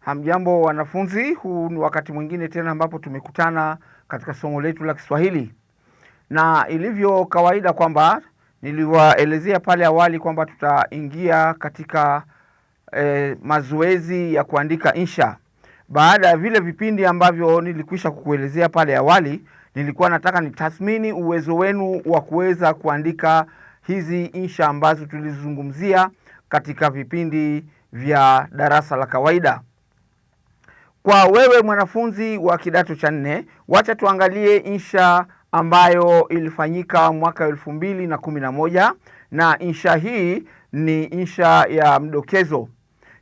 Hamjambo wanafunzi, huu ni wakati mwingine tena ambapo tumekutana katika somo letu la Kiswahili, na ilivyo kawaida kwamba niliwaelezea pale awali kwamba tutaingia katika e, mazoezi ya kuandika insha. Baada ya vile vipindi ambavyo nilikwisha kukuelezea pale awali, nilikuwa nataka nitathmini uwezo wenu wa kuweza kuandika hizi insha ambazo tulizungumzia katika vipindi vya darasa la kawaida. Kwa wewe mwanafunzi wa kidato cha nne, wacha tuangalie insha ambayo ilifanyika mwaka elfu mbili na kumi na moja na insha hii ni insha ya mdokezo.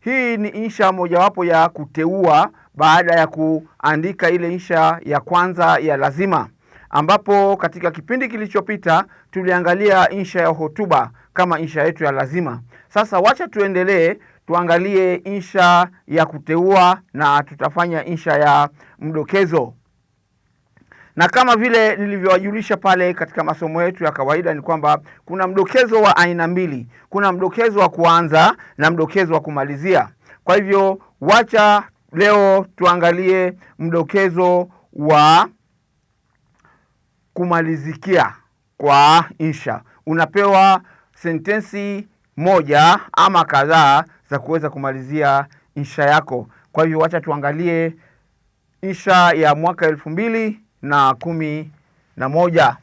Hii ni insha mojawapo ya kuteua baada ya kuandika ile insha ya kwanza ya lazima, ambapo katika kipindi kilichopita tuliangalia insha ya hotuba kama insha yetu ya lazima. Sasa wacha tuendelee, tuangalie insha ya kuteua na tutafanya insha ya mdokezo. Na kama vile nilivyowajulisha pale katika masomo yetu ya kawaida ni kwamba kuna mdokezo wa aina mbili. Kuna mdokezo wa kuanza na mdokezo wa kumalizia. Kwa hivyo wacha leo tuangalie mdokezo wa kumalizikia kwa insha. Unapewa sentensi moja ama kadhaa za kuweza kumalizia insha yako. Kwa hivyo wacha tuangalie insha ya mwaka elfu mbili na kumi na moja.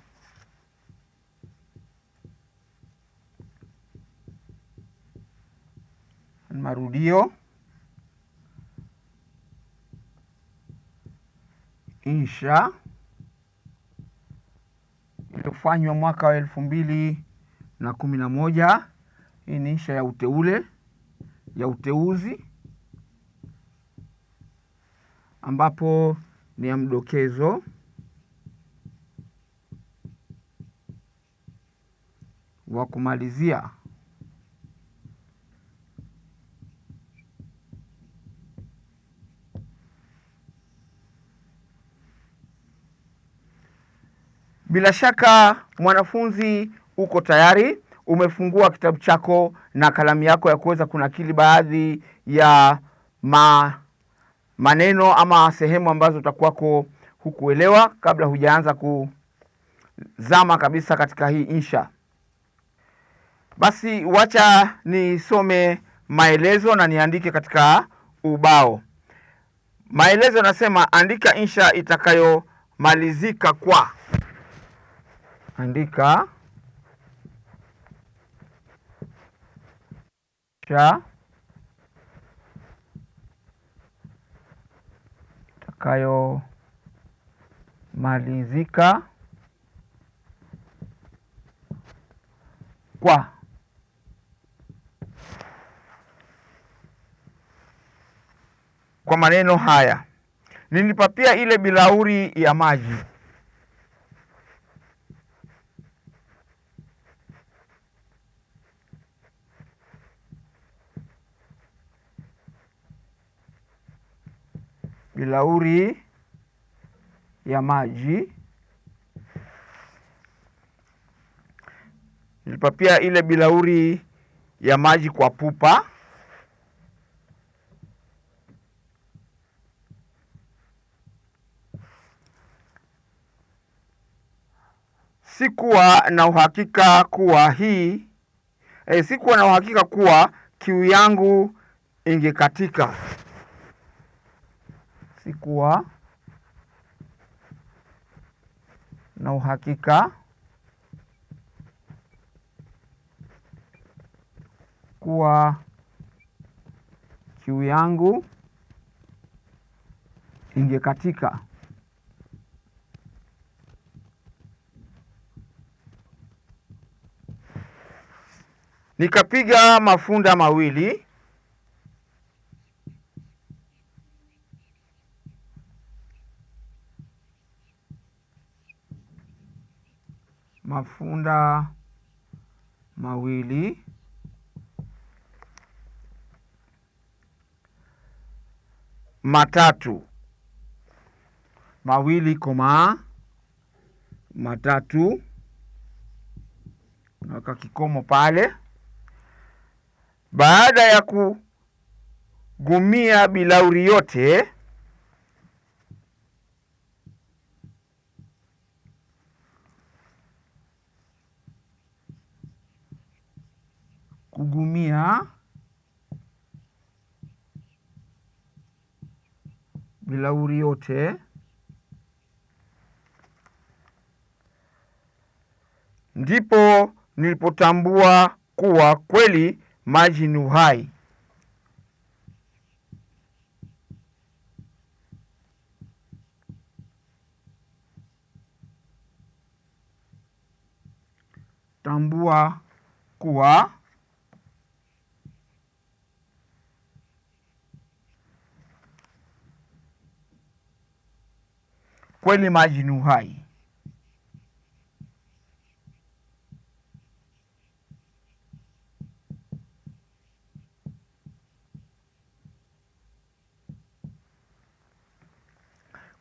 Marudio insha iliyofanywa mwaka wa elfu mbili na kumi na moja hii ni insha ya uteule ya uteuzi, ambapo ni ya mdokezo wa kumalizia Bila shaka mwanafunzi uko tayari umefungua kitabu chako na kalamu yako ya kuweza kunakili baadhi ya ma, maneno ama sehemu ambazo utakuwako hukuelewa kabla hujaanza kuzama kabisa katika hii insha. Basi wacha nisome maelezo na niandike katika ubao. Maelezo nasema andika insha itakayomalizika kwa andika ya itakayomalizika kwa kwa maneno haya nilipapia ile bilauri ya maji bilauri ya maji. Nilipapia ile bilauri ya maji kwa pupa. Sikuwa na uhakika kuwa hii eh, sikuwa na uhakika kuwa kiu yangu ingekatika sikuwa na uhakika kuwa kiu yangu ingekatika. Nikapiga mafunda mawili mafunda mawili matatu mawili koma matatu, naweka kikomo pale. Baada ya kugumia bilauri yote kugumia bilauri yote ndipo nilipotambua kuwa kweli maji ni uhai. Tambua kuwa Kweli maji ni uhai.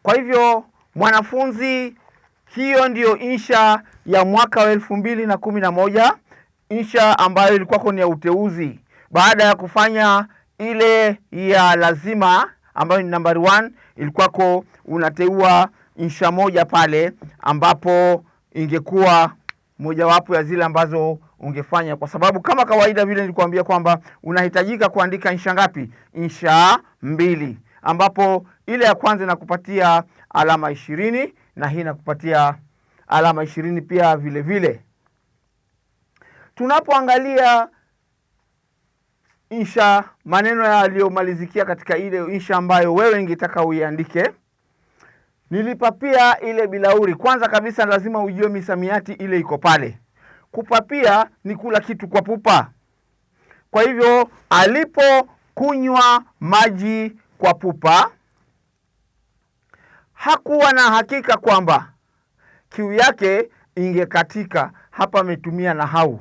Kwa hivyo mwanafunzi, hiyo ndiyo insha ya mwaka wa elfu mbili na kumi na moja, insha ambayo ilikuwako ni ya uteuzi, baada ya kufanya ile ya lazima ambayo ni nambari 1 ilikuwako unateua insha moja pale ambapo ingekuwa mojawapo ya zile ambazo ungefanya, kwa sababu kama kawaida vile nilikuambia kwamba unahitajika kuandika insha ngapi? Insha mbili, ambapo ile ya kwanza inakupatia alama ishirini na hii inakupatia alama ishirini pia vile vile. Tunapoangalia insha maneno yaliyomalizikia katika ile insha ambayo wewe ingetaka uiandike Nilipapia ile bilauri. Kwanza kabisa lazima ujue misamiati ile iko pale. Kupapia ni kula kitu kwa pupa. Kwa hivyo alipokunywa maji kwa pupa, hakuwa na hakika kwamba kiu yake ingekatika. Hapa ametumia nahau.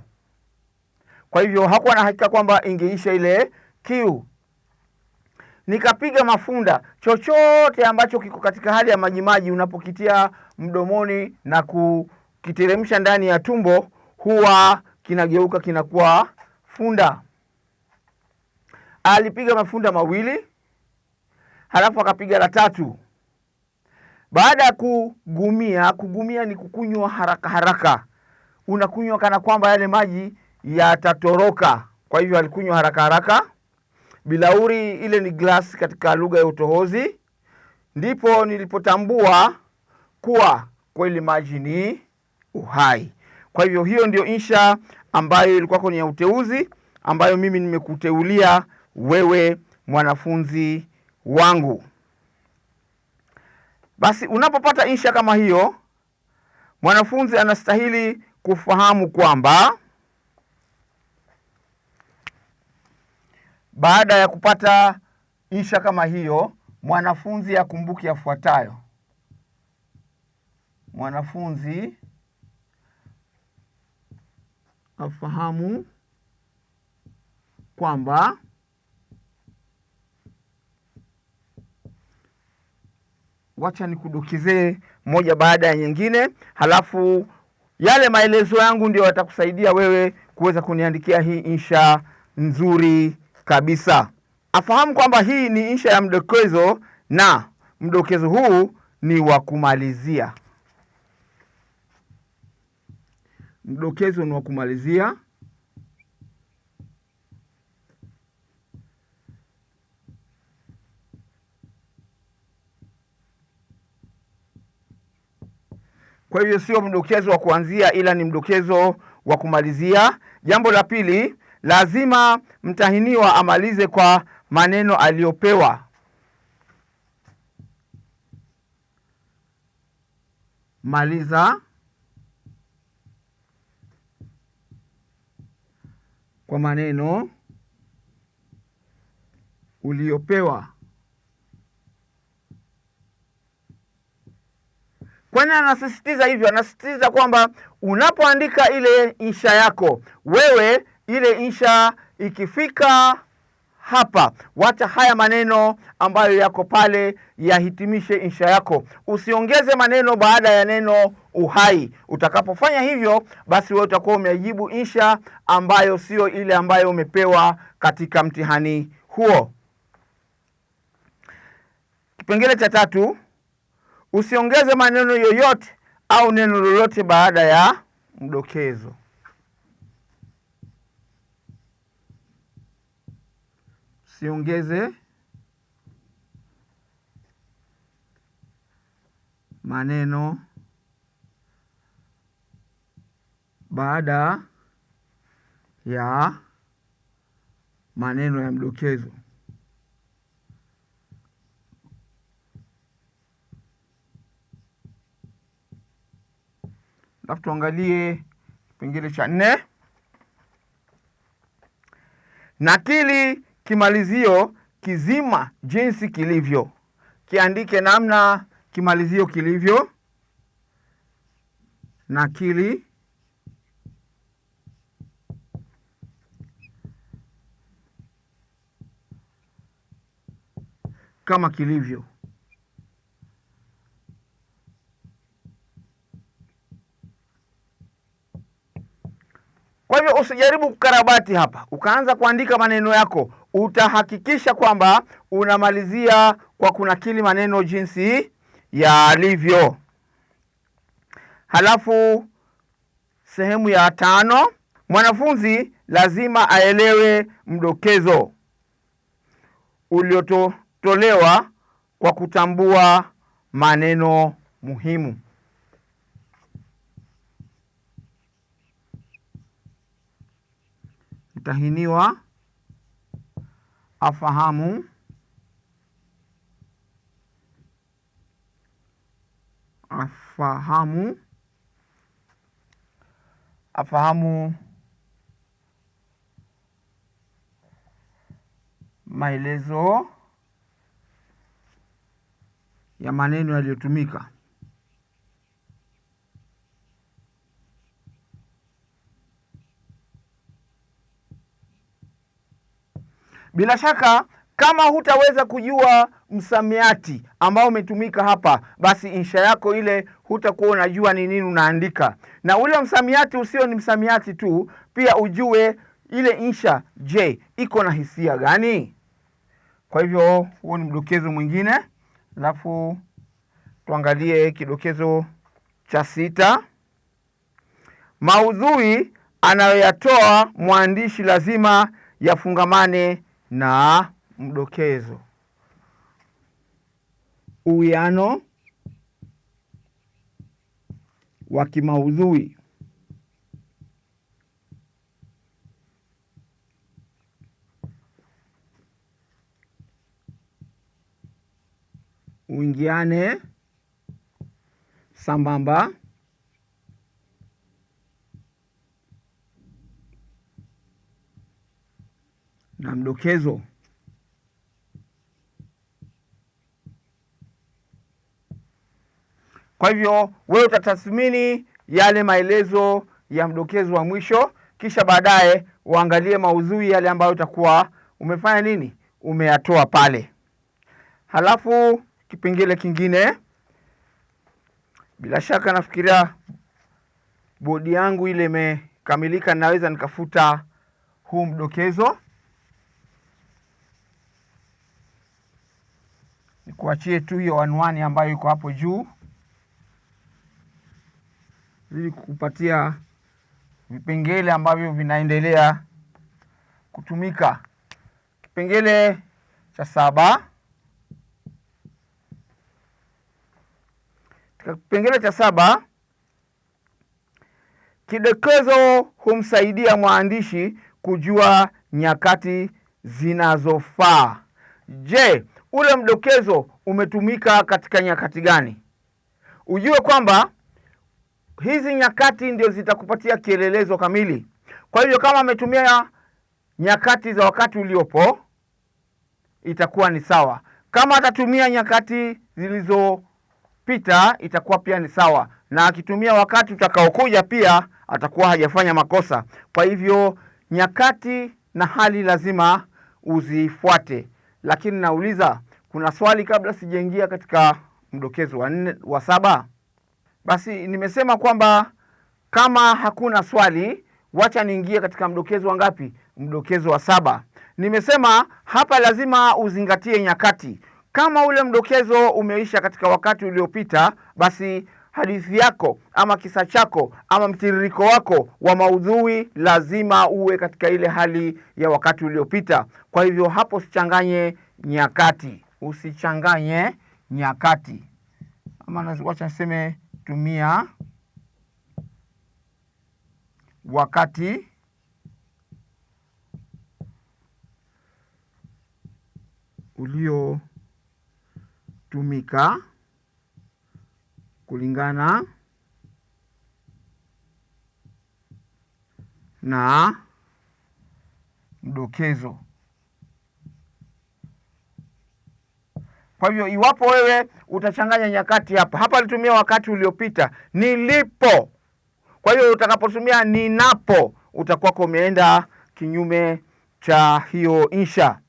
Kwa hivyo hakuwa na hakika kwamba ingeisha ile kiu nikapiga mafunda, chochote ambacho kiko katika hali ya majimaji unapokitia mdomoni na kukiteremsha ndani ya tumbo, huwa kinageuka kinakuwa funda. Alipiga mafunda mawili, halafu akapiga la tatu. Baada ya kugumia, kugumia ni kukunywa haraka haraka, unakunywa kana kwamba yale maji yatatoroka. Kwa hivyo alikunywa haraka haraka. Bilauri ile ni glasi katika lugha ya utohozi. Ndipo nilipotambua kuwa kweli maji ni uhai. Kwa hivyo hiyo ndio insha ambayo ilikuwa kwenye uteuzi, ambayo mimi nimekuteulia wewe mwanafunzi wangu. Basi unapopata insha kama hiyo, mwanafunzi anastahili kufahamu kwamba Baada ya kupata insha kama hiyo, mwanafunzi akumbuke ya yafuatayo. Mwanafunzi afahamu kwamba wacha nikudokezee moja baada ya nyingine, halafu yale maelezo yangu ndio yatakusaidia wewe kuweza kuniandikia hii insha nzuri kabisa. Afahamu kwamba hii ni insha ya mdokezo na mdokezo huu ni wa kumalizia. Mdokezo ni wa kumalizia. Kwa hivyo sio mdokezo wa kuanzia, ila ni mdokezo wa kumalizia. Jambo la pili lazima mtahiniwa amalize kwa maneno aliyopewa. Maliza kwa maneno uliyopewa. Kwa nini anasisitiza hivyo? Anasisitiza kwamba unapoandika ile insha yako wewe ile insha ikifika hapa, wacha haya maneno ambayo yako pale yahitimishe insha yako, usiongeze maneno baada ya neno uhai. Utakapofanya hivyo, basi wewe utakuwa umejibu insha ambayo sio ile ambayo umepewa katika mtihani huo. Kipengele cha tatu, usiongeze maneno yoyote au neno lolote baada ya mdokezo. siongeze maneno baada ya maneno ya mdokezo. Alafu tuangalie kipengele cha nne nakili kimalizio kizima jinsi kilivyo. Kiandike namna kimalizio kilivyo na kili kama kilivyo. Kwa hivyo usijaribu kukarabati hapa, ukaanza kuandika maneno yako utahakikisha kwamba unamalizia kwa kunakili maneno jinsi yalivyo. Halafu sehemu ya tano, mwanafunzi lazima aelewe mdokezo uliotolewa kwa kutambua maneno muhimu. tahiniwa afahamu afahamu afahamu maelezo ya maneno yaliyotumika. Bila shaka kama hutaweza kujua msamiati ambao umetumika hapa, basi insha yako ile hutakuwa unajua ni nini unaandika, na ule msamiati usio ni msamiati tu, pia ujue ile insha, je, iko na hisia gani? Kwa hivyo huo ni mdokezo mwingine, alafu tuangalie kidokezo cha sita. Maudhui anayoyatoa mwandishi lazima yafungamane na mdokezo. Uwiano wa kimaudhui uingiane sambamba na mdokezo Kwa hivyo wewe utatathmini yale maelezo ya mdokezo wa mwisho, kisha baadaye uangalie maudhui yale ambayo utakuwa umefanya nini, umeyatoa pale. Halafu kipengele kingine, bila shaka nafikiria bodi yangu ile imekamilika, naweza nikafuta huu mdokezo. nikuachie tu hiyo anwani ambayo iko hapo juu ili kukupatia vipengele ambavyo vinaendelea kutumika. Kipengele cha saba. Katika kipengele cha saba, kidokezo humsaidia mwandishi kujua nyakati zinazofaa. Je, ule mdokezo umetumika katika nyakati gani. Ujue kwamba hizi nyakati ndio zitakupatia kielelezo kamili. Kwa hivyo kama ametumia nyakati za wakati uliopo itakuwa ni sawa. Kama atatumia nyakati zilizopita itakuwa pia ni sawa, na akitumia wakati utakaokuja pia atakuwa hajafanya makosa. Kwa hivyo nyakati na hali lazima uzifuate lakini nauliza kuna swali kabla sijaingia katika mdokezo wa nne, wa saba. Basi nimesema kwamba kama hakuna swali, wacha niingie katika mdokezo wa ngapi? Mdokezo wa saba. Nimesema hapa lazima uzingatie nyakati. Kama ule mdokezo umeisha katika wakati uliopita, basi hadithi yako ama kisa chako ama mtiririko wako wa maudhui lazima uwe katika ile hali ya wakati uliopita. Kwa hivyo hapo usichanganye nyakati, usichanganye nyakati, ama wacha niseme tumia wakati uliotumika kulingana na mdokezo. Kwa hivyo iwapo wewe utachanganya nyakati hapa hapa, alitumia wakati uliopita nilipo. Kwa hiyo utakapotumia ninapo, utakuwa umeenda kinyume cha hiyo insha.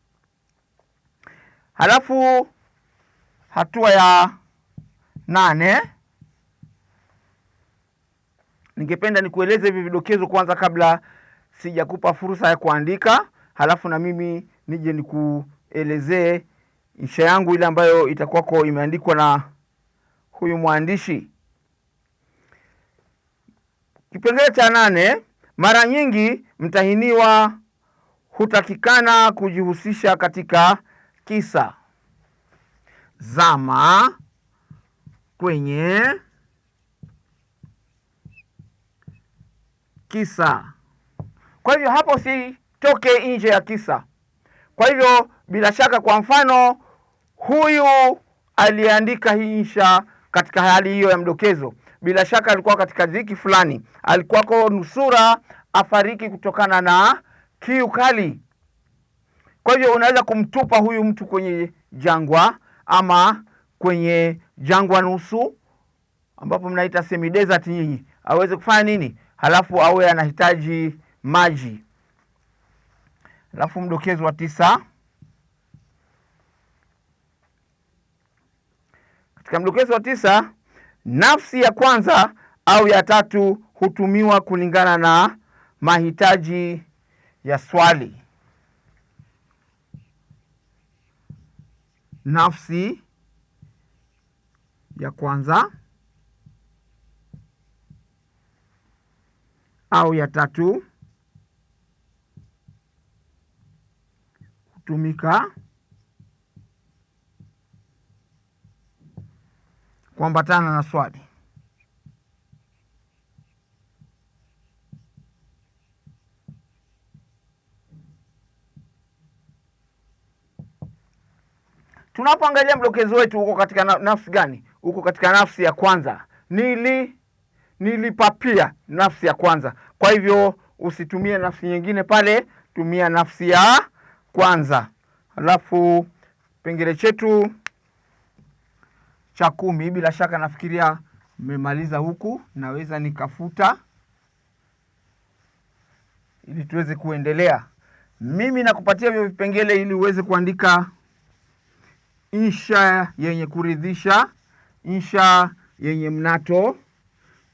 Halafu hatua ya nane Ningependa nikueleze hivi vidokezo kwanza, kabla sijakupa fursa ya kuandika, halafu na mimi nije nikuelezee insha yangu ile ambayo itakuwako imeandikwa na huyu mwandishi. Kipengele cha nane, mara nyingi mtahiniwa hutakikana kujihusisha katika kisa. Zama kwenye kisa. Kwa hivyo hapo sitoke nje ya kisa. Kwa hivyo bila shaka, kwa mfano, huyu aliandika hii insha katika hali hiyo ya mdokezo, bila shaka alikuwa katika dhiki fulani, alikuwako nusura afariki kutokana na kiu kali. Kwa hivyo unaweza kumtupa huyu mtu kwenye jangwa ama kwenye jangwa nusu, ambapo mnaita semi desert nyinyi, aweze kufanya nini? halafu awe anahitaji maji. Halafu mdokezo wa tisa, katika mdokezo wa tisa, nafsi ya kwanza au ya tatu hutumiwa kulingana na mahitaji ya swali. Nafsi ya kwanza au ya tatu hutumika kuambatana na swali. Tunapoangalia mdokezo wetu uko katika nafsi gani? Uko katika nafsi ya kwanza nili nilipapia nafsi ya kwanza. Kwa hivyo usitumie nafsi nyingine pale, tumia nafsi ya kwanza. Halafu kipengele chetu cha kumi, bila shaka nafikiria mmemaliza huku, naweza nikafuta ili tuweze kuendelea. Mimi nakupatia hivyo vipengele ili uweze kuandika insha yenye kuridhisha, insha yenye mnato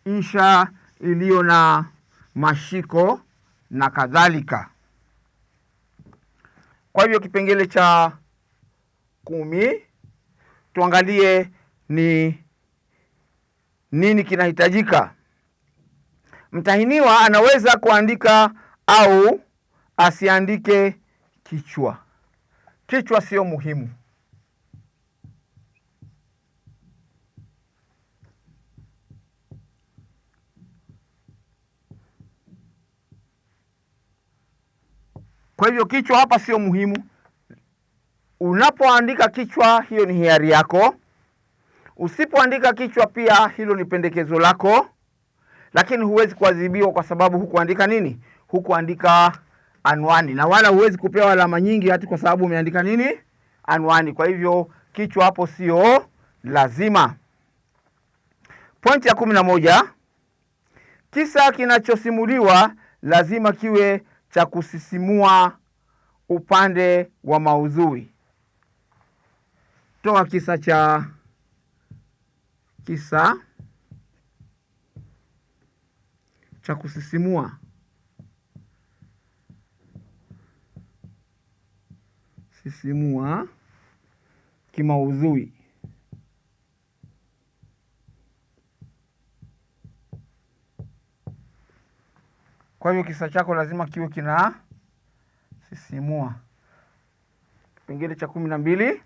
insha iliyo na mashiko na kadhalika. Kwa hivyo kipengele cha kumi tuangalie ni nini kinahitajika. Mtahiniwa anaweza kuandika au asiandike kichwa. Kichwa sio muhimu. Kwa hivyo kichwa hapa sio muhimu. Unapoandika kichwa, hiyo ni hiari yako. Usipoandika kichwa, pia hilo ni pendekezo lako, lakini huwezi kuadhibiwa kwa sababu hukuandika nini, hukuandika anwani, na wala huwezi kupewa alama nyingi hati kwa sababu umeandika nini, anwani. Kwa hivyo kichwa hapo sio lazima. Pointi ya kumi na moja, kisa kinachosimuliwa lazima kiwe cha kusisimua upande wa maudhui. Toa kisa cha kisa cha kusisimua. Sisimua kimaudhui. Kwa hiyo kisa chako lazima kiwe kina sisimua. Kipengele cha kumi na mbili,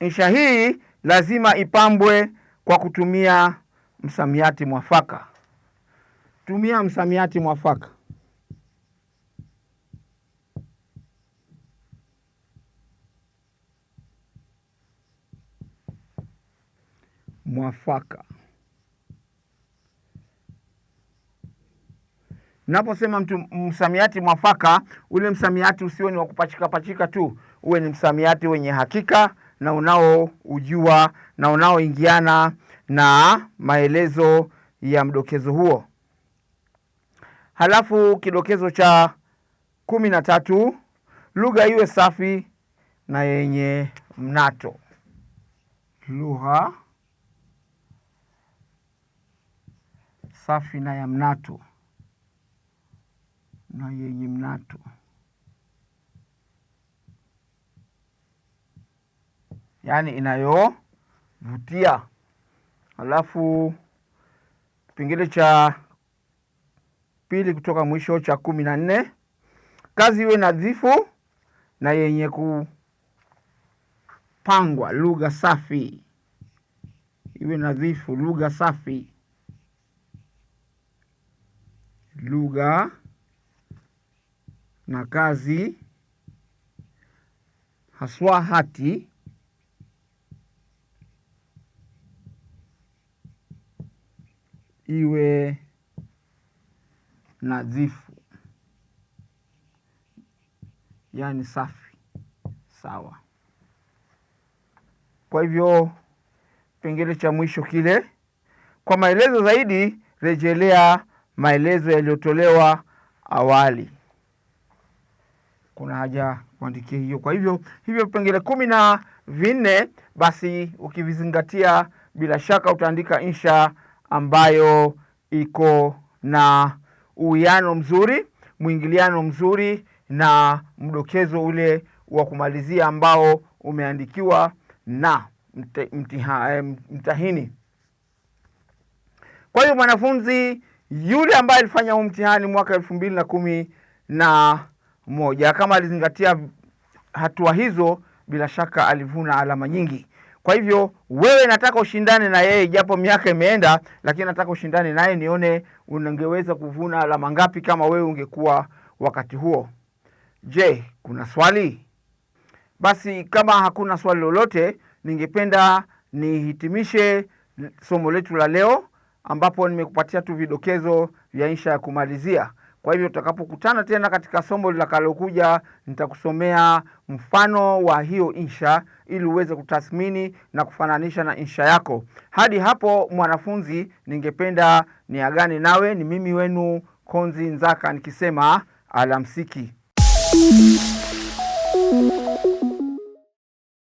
insha hii lazima ipambwe kwa kutumia msamiati mwafaka. Tumia msamiati mwafaka. Mwafaka. Naposema mtu msamiati mwafaka, ule msamiati usio ni wa kupachika pachika tu, uwe ni msamiati wenye hakika na unaoujua na unaoingiana na maelezo ya mdokezo huo. Halafu kidokezo cha kumi na tatu, lugha iwe safi na yenye mnato. Lugha safi na ya mnato na yenye mnato. Yaani inayovutia. Halafu kipengele cha pili kutoka mwisho cha kumi na nne, kazi iwe nadhifu na yenye kupangwa, lugha safi. Iwe nadhifu, lugha safi, lugha na kazi haswa hati iwe nadhifu, yaani safi, sawa. Kwa hivyo kipengele cha mwisho kile. Kwa maelezo zaidi, rejelea maelezo yaliyotolewa awali kuna haja kuandikia hiyo. Kwa hivyo hivyo vipengele kumi na vinne basi ukivizingatia, bila shaka utaandika insha ambayo iko na uwiano mzuri, mwingiliano mzuri na mdokezo ule wa kumalizia ambao umeandikiwa na mtiha, eh, mtahini. Kwa hiyo mwanafunzi yule ambaye alifanya huu mtihani mwaka elfu mbili na kumi na moja. Kama alizingatia hatua hizo, bila shaka alivuna alama nyingi. Kwa hivyo wewe, nataka ushindane na yeye, japo miaka imeenda, lakini nataka ushindane naye, nione ungeweza kuvuna alama ngapi kama wewe ungekuwa wakati huo. Je, kuna swali? Basi kama hakuna swali lolote, ningependa nihitimishe somo letu la leo, ambapo nimekupatia tu vidokezo vya insha ya kumalizia. Kwa hivyo tutakapokutana tena katika somo litakalokuja, nitakusomea mfano wa hiyo insha ili uweze kutathmini na kufananisha na insha yako. Hadi hapo mwanafunzi, ningependa niagane nawe. Ni mimi wenu Konzi Nzaka nikisema alamsiki.